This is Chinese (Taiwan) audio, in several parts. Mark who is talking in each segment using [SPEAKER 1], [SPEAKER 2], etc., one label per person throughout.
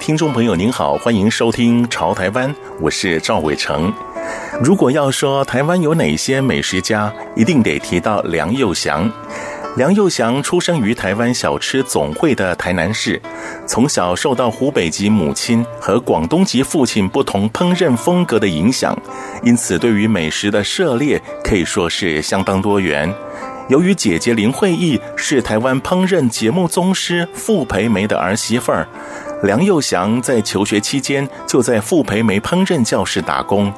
[SPEAKER 1] 聽眾朋友您好，歡迎收聽《潮臺灣》，我是趙偉成。如果要說台灣有哪些美食家，一定得提到梁幼祥。梁幼祥出生於台灣小吃總匯的台南市，從小受到湖北籍母親和廣東籍父親不同烹飪風格的影響，因此對於美食的涉獵可以說是相當多元。由於姐姐林慧懿是台灣烹飪節目宗師傅培梅的兒媳婦兒，梁幼祥在求學期間就在傅培梅烹飪教室打工，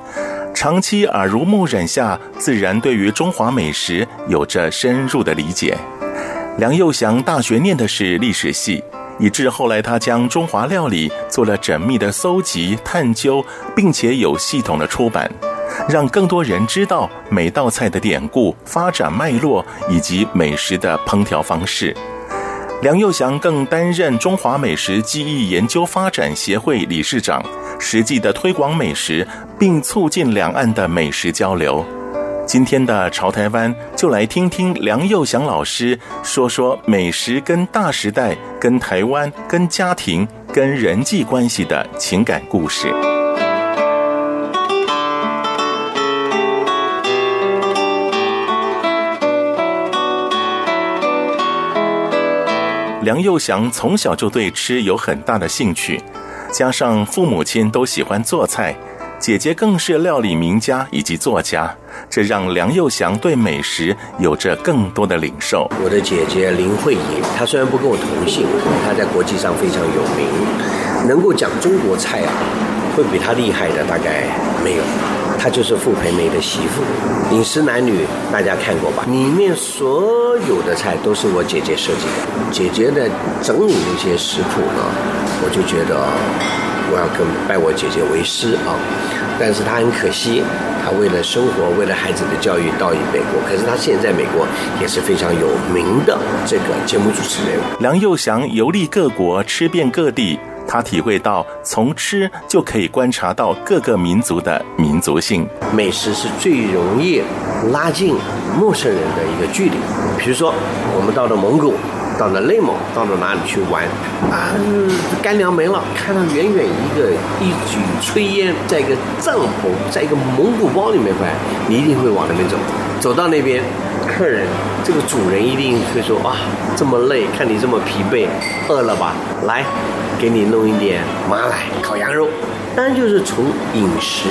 [SPEAKER 1] 長期耳濡目染下，自然對於中華美食有着深入的理解。梁幼祥大學念的是歷史系，以致後來他將中華料理做了縝密的搜集、探究，並且有系統的出版。讓更多人知道每道菜的典故、發展脈絡以及美食的烹調方式。梁幼祥更擔任中華美食技藝研究發展協會理事長，實際的推廣美食，並促進兩岸的美食交流。今天的潮台灣，就來聽聽梁幼祥老師說說美食跟大時代、跟台灣、跟家庭、跟人際關係的情感故事。梁又祥從小就對吃有很大的興趣，加上父母親都喜歡做菜，姐姐更是料理名家以及作家，這讓梁又祥對美食有着更多的領受。我的姐姐林慧穎，她雖然不跟我同姓，她
[SPEAKER 2] 在國際上非常有名，能夠講中國菜啊，會比她厲害的大概沒有。她就是傅培梅的媳婦，飲食男女。大家看過吧？裡面所有的菜都是我姐姐設計的。姐姐的整理那些食譜呢，我就覺得我要跟拜我姐姐為師啊。但是她很可惜，她為了生活，為了孩子的教育，到美國。可是她現
[SPEAKER 1] 在美國也是非常有名的這個節目主持人。梁幼祥遊歷各國，吃遍各地。他體會到，從吃就可以觀察到各個民族的民族性。美食是最容易拉近陌生
[SPEAKER 2] 人的一個距離。比如說，我們到了蒙古，到了內蒙，到了哪裡去玩？啊，乾糧沒了，看到遠遠一個一縷炊煙，在一個帳篷，在一個蒙古包裡面，快，你一定會往那邊走。走到那邊。客人，這個主人一定會說啊，這麼累，看你這麼疲憊，餓了吧？來，給你弄一點馬奶烤羊肉。當然，就是從飲食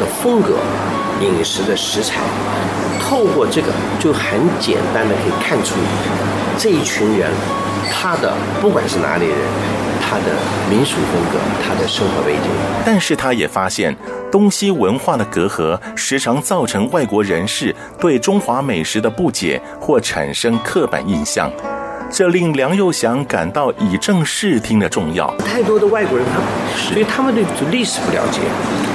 [SPEAKER 2] 的風格、飲食的食材，透過這個，就很簡單的可以看出這一群人，他的不管
[SPEAKER 1] 是哪裡人。他的民俗風格，他的生活背景。但是他也發現，東西文化的隔閡時常造成外國人士對中華美食的不解或產生刻板印象，這令梁幼祥感到以正視聽的重要。
[SPEAKER 2] 太多的外國人，是所以他們對歷史不了解，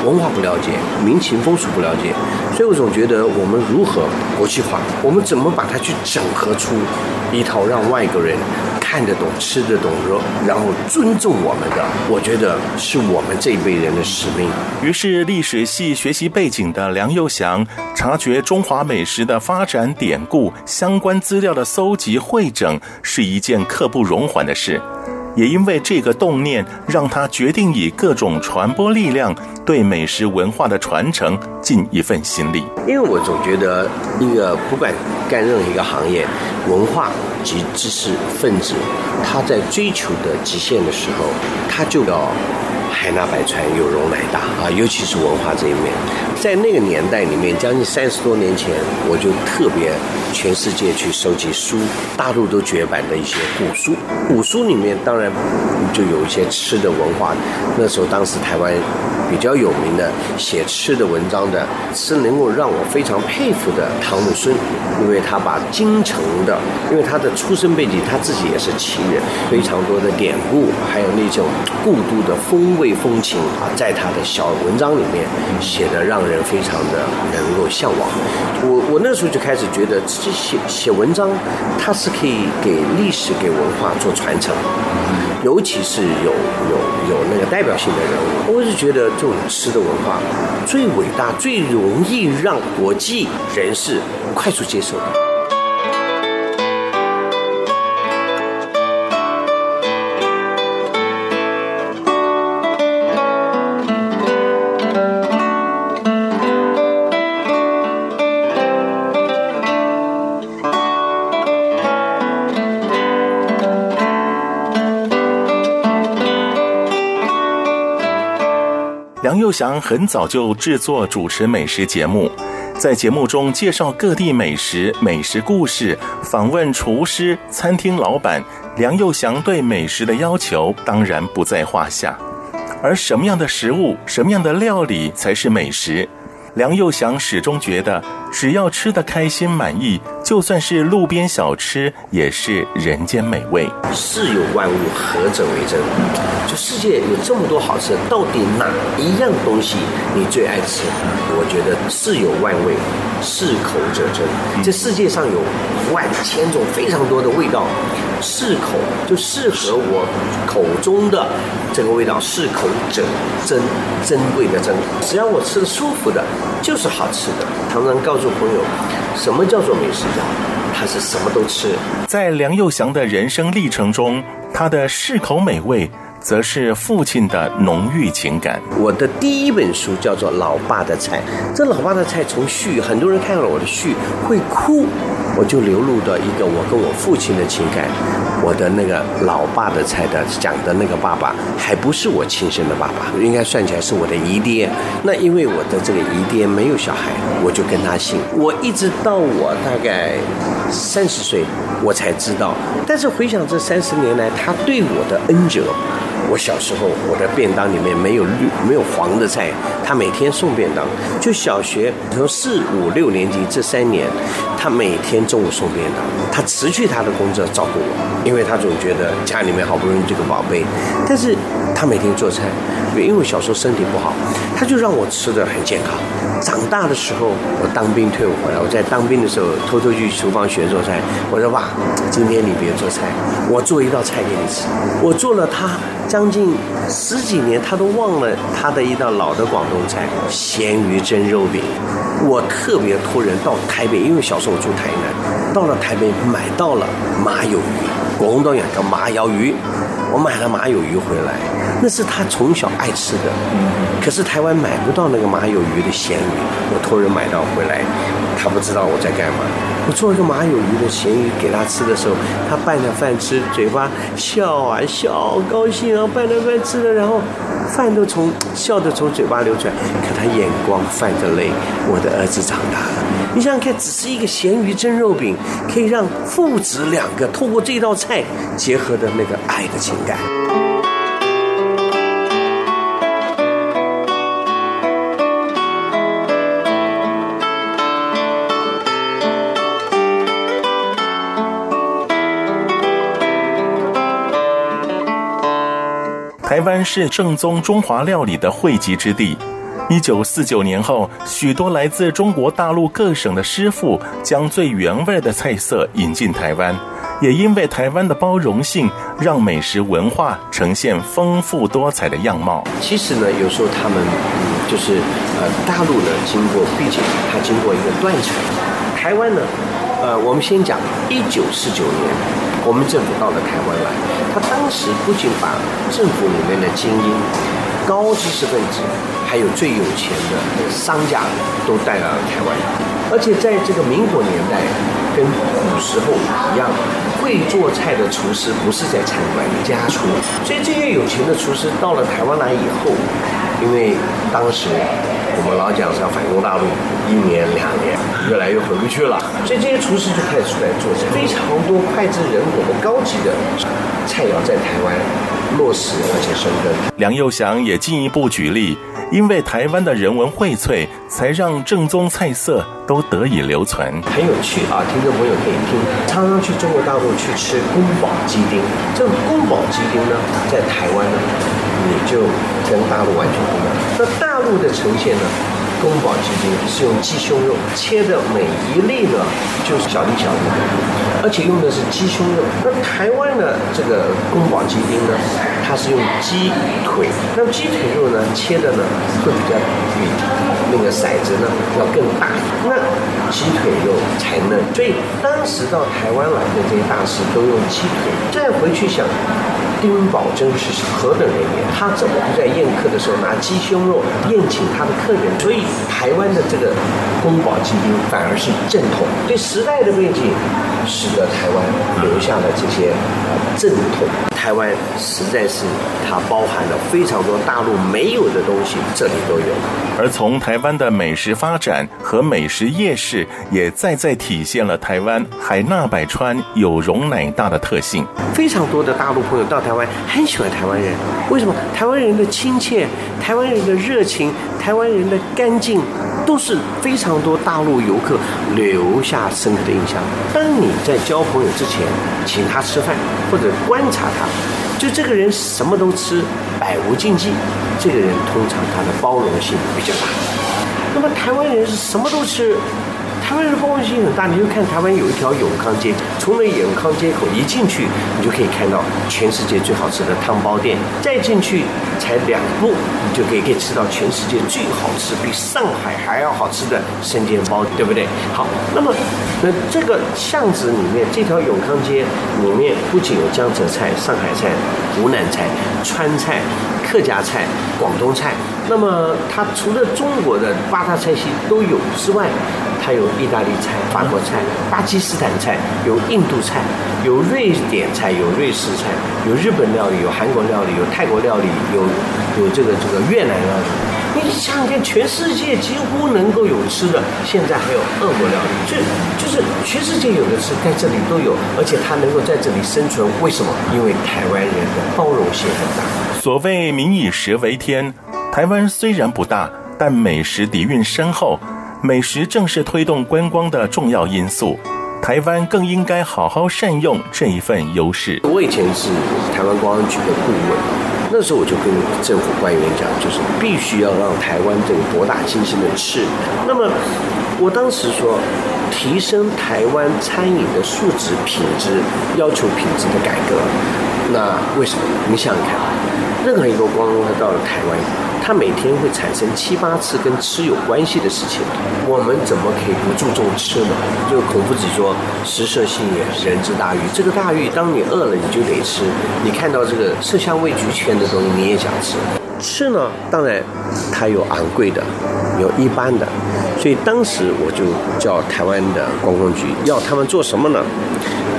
[SPEAKER 2] 文化不了解，民情風俗不了解，所以我總覺得我們如何國際化，我們怎麼把它去整合出一套讓外國人。看得懂、吃得
[SPEAKER 1] 懂肉，然後尊重我們的，我覺得是我們這一輩人的使命。於是，歷史系學習背景的梁幼祥，察覺中華美食的發展典故相關資料的蒐集匯整是一件刻不容緩的事，也因為這個動念，讓他決定以各種傳播力量。對美食文化的傳承盡一份心力，因為我總覺得
[SPEAKER 2] 一個不管幹任何一個行業，文化及知識分子，他在追求的極限的時候，他就要海納百川，有容乃大啊！尤其是文化這一面，在那個年代裡面，將近三十多年前，我就特別全世界去收集書，大陸都絕版的一些古書，古書裡面當然就有一些吃的文化，那時候當時台灣比較有名的寫吃的文章的，是能夠讓我非常佩服的唐魯孫，因為他把京城的，因為他的出生背景，他自己也是旗人，非常多的典故，還有那種故都的風味風情啊，在他的小文章裡面寫得讓人非常的能夠向往。我我那時候就開始覺得，其實寫寫文章，它是可以給歷史、給文化做傳承。尤其是有有有那個代表性的人物，我是覺得這種吃的文化最偉大，最容易讓國際人士快速接
[SPEAKER 1] 受的。梁幼祥很早就製作主持美食節目，在節目中介紹各地美食、美食故事，訪問廚師、餐廳老闆。梁幼祥對美食的要求當然不在話下，而什麼樣的食物、什麼樣的料理才是美食？梁幼祥始終覺得。只要吃的開心滿意，就算是路邊小吃也是人間美味。
[SPEAKER 2] 世有萬物，何者為真、嗯。就世界有這麼多好吃，的，到底哪一樣東西你最愛吃？嗯、我覺得世有萬味，適口者真。這、嗯、世界上有萬千種非常多的味道，適口就適合我口中的這個味道。適口者真，珍貴的珍。只要我吃的舒服的，就是好吃的。唐人告。做朋友，什麼叫做美
[SPEAKER 1] 食家啊？他是什麼都吃。在梁幼祥的人生歷程中，他的適口美味，則是父親的濃郁情感。我的第一本書叫做《老爸的菜》，這老爸的菜從序，很多人看到了我的序會哭。
[SPEAKER 2] 我就流露了一個我跟我父親的情感，我的那個老爸的菜的講的那個爸爸，還不是我親生的爸爸，應該算起來是我的姨爹。那因為我的這個姨爹沒有小孩，我就跟他姓。我一直到我大概三十歲，我才知道。但是回想這三十年來，他對我的恩澤。我小時候，我的便當裡面沒有綠，沒有黃的菜。他每天送便當，就小學從四五六年級這三年，他每天中午送便當。他辭去他的工作照顧我，因為他總覺得家裡面好不容易這個寶貝。但是他每天做菜，因為小時候身體不好，他就讓我吃得很健康。長大的時候，我當兵退伍回來，我在當兵的時候偷偷去廚房學做菜。我說爸，今天你別做菜，我做一道菜給你吃。我做了他將近十幾年，他都忘了他的一道老的廣東菜——鹹魚蒸肉餅。我特別託人到台北，因為小時候我住台南，到了台北買到了馬友魚，廣東人叫馬友魚。我買了馬友魚回來，那是他從小愛吃的。可是台灣買不到那個馬友魚的鹹魚，我托人買到回來。他不知道我在幹嘛。我做了一個馬友魚的鹹魚給他吃的時候，他拌着飯吃，嘴巴笑啊笑，好高興啊，拌着飯吃的，然後飯都從笑的從嘴巴流出來。可他眼光泛着淚。我的兒子長大了。你想看，只是一個鹹魚蒸肉餅，可以讓父子兩個透過這道菜結合的那個愛的情感。
[SPEAKER 1] 台灣是正宗中華料理的匯集之地。一九四九年後，許多來自中國大陸各省的師傅將最原味的菜色引進台灣，也因為台灣的包容性，讓美食文化呈現豐富多彩的樣貌。其實呢，有時候他們，嗯，就是呃，大陸呢經過，畢竟它經過一個斷層，台灣呢，
[SPEAKER 2] 呃，我們先講一九四九年，我們政府到了台灣來，他當時不僅把政府裡面的精英、高知識分子。還有最有錢的商家都帶到了台灣，而且在這個民國年代，跟古時候一樣，會做菜的廚師不是在餐館裡家廚，所以這些有錢的廚師到了台灣來以後，因為當時我們老蔣上反攻大陸，一年兩年越來越回不去了，所以這些廚師就開始出來做菜，非常多膾炙人口的高級的菜肴在台
[SPEAKER 1] 灣落實而且深耕。梁幼祥也進一步舉例，因為台灣的人文薈萃，才讓正宗菜色都得以留存。很有趣啊，
[SPEAKER 2] 聽眾朋友可以聽。常常去中國大陸去吃宮保雞丁，這宮保雞丁呢，在台灣呢，也就跟大陸完全不一樣。那大陸的呈現呢，宮保雞丁是用雞胸肉切的，每一粒呢就是小粒小粒。而且用的是雞胸肉。那台灣的這個宮保雞丁呢，它是用雞腿。那雞腿肉呢，切的呢會比較比那個色子呢要更大。那雞腿肉才嫩。所以當時到台灣來的這些大師都用雞腿。再回去想，丁寶楨是何等人物？他怎麼不在宴客的時候拿雞胸肉宴請他的客人？所以台灣的這個宮保雞丁反而是正統。對時代的背景。使得台灣留下了這些正統，台灣
[SPEAKER 1] 實在是它，包含了非常多大陸沒有的東西，這裡都有。而從台灣的美食發展和美食夜市，也再再體現了台灣海納百川、有容乃大的特性。非常多的大陸朋友到台灣，很喜歡台灣人。
[SPEAKER 2] 為什麼？台灣人的親切，台灣人的熱
[SPEAKER 1] 情，台
[SPEAKER 2] 灣人的乾淨。都是非常多大陸遊客留下深刻的印象。當你在交朋友之前，請他吃飯或者觀察他，就這個人什麼都吃，百無禁忌，這個人通常他的包容性比較大。那麼台灣人是什麼都吃，台灣人包容性很大，你就看台灣有一條永康街。從那永康街口一進去，你就可以看到全世界最好吃的湯包店，再進去才兩步，你就可以可以吃到全世界最好吃，比上海還要好吃的生煎包，對不對？好，那麼那這個巷子裡面，這條永康街裡面不僅有江浙菜、上海菜、湖南菜、川菜、客家菜、廣東菜。那麼，它除了中國的八大菜系都有之外，它有意大利菜、法國菜、巴基斯坦菜、有印度菜、有瑞典菜、有瑞士菜、有日本料理、有韓國料理、有泰國料理、有有這個這個越南料理。你想想，全世界幾乎能夠有吃的，現在還有俄國料理，就就是全世界有的吃在這裡都有，而且它能夠在這裡生存，為什麼？因為臺灣人的
[SPEAKER 1] 包容性很大。所謂民以食為天。台灣雖然不大，但美食底蘊深厚，美食正是推動觀光的重要因素。台灣更應該好好善用這一份優勢。我以前是台灣公安局的顧問，那時候我就跟政府官員講，就是必須要讓台灣這個
[SPEAKER 2] 博大精深的吃。那麼我當時說，提升台灣餐飲的素質、品質，要求品質的改革。那為什麼？你想一想，任何一個觀光客到了台灣。他每天會產生七八次跟吃有關係的事情，我們怎麼可以不注重吃呢？就孔夫子說：“食色，性也，人之大欲。”這個大欲，當你餓了，你就得吃；你看到這個色香味俱全的東西，你也想吃。吃呢，當然，它有昂貴的，有一般的，所以當時我就叫台灣的觀光局要他們做什麼呢？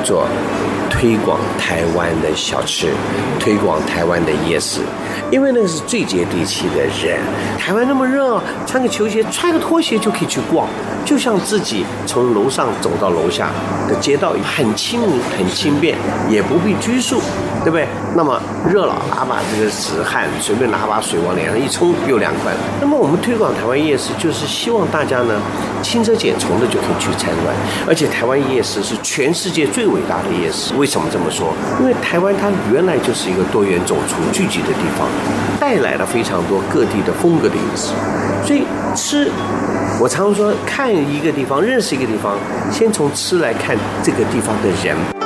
[SPEAKER 2] 做。推廣台灣的小吃，推廣台灣的夜市，因為那個是最接地氣的人。台灣那麼熱，穿個球鞋，穿個拖鞋就可以去逛，就像自己從樓上走到樓下的街道一樣，很親民、很輕便，也不必拘束。對不對？那麼熱了，拿把這個紙汗，隨便拿把水往臉上一沖，又涼快了。那麼我們推廣台灣夜市，就是希望大家呢輕車簡從的就可以去參觀。而且台灣夜市是全世界最偉大的夜市。為什麼這麼說？因為台灣它原來就是一個多元種族聚集的地方，帶來了非常多各地的風格的飲食。所以吃，我常說看一個地方，認識一個地方，先從吃來看這個地方的人。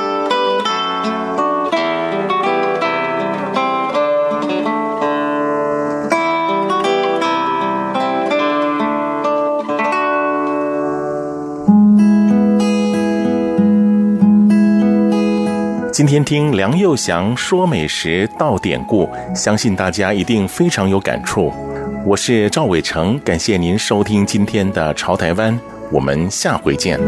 [SPEAKER 1] 今天聽梁幼祥說美食道典故，相信大家一定非常有感觸。我是趙偉成，感謝您收聽今天的《潮台灣》，我們下回見。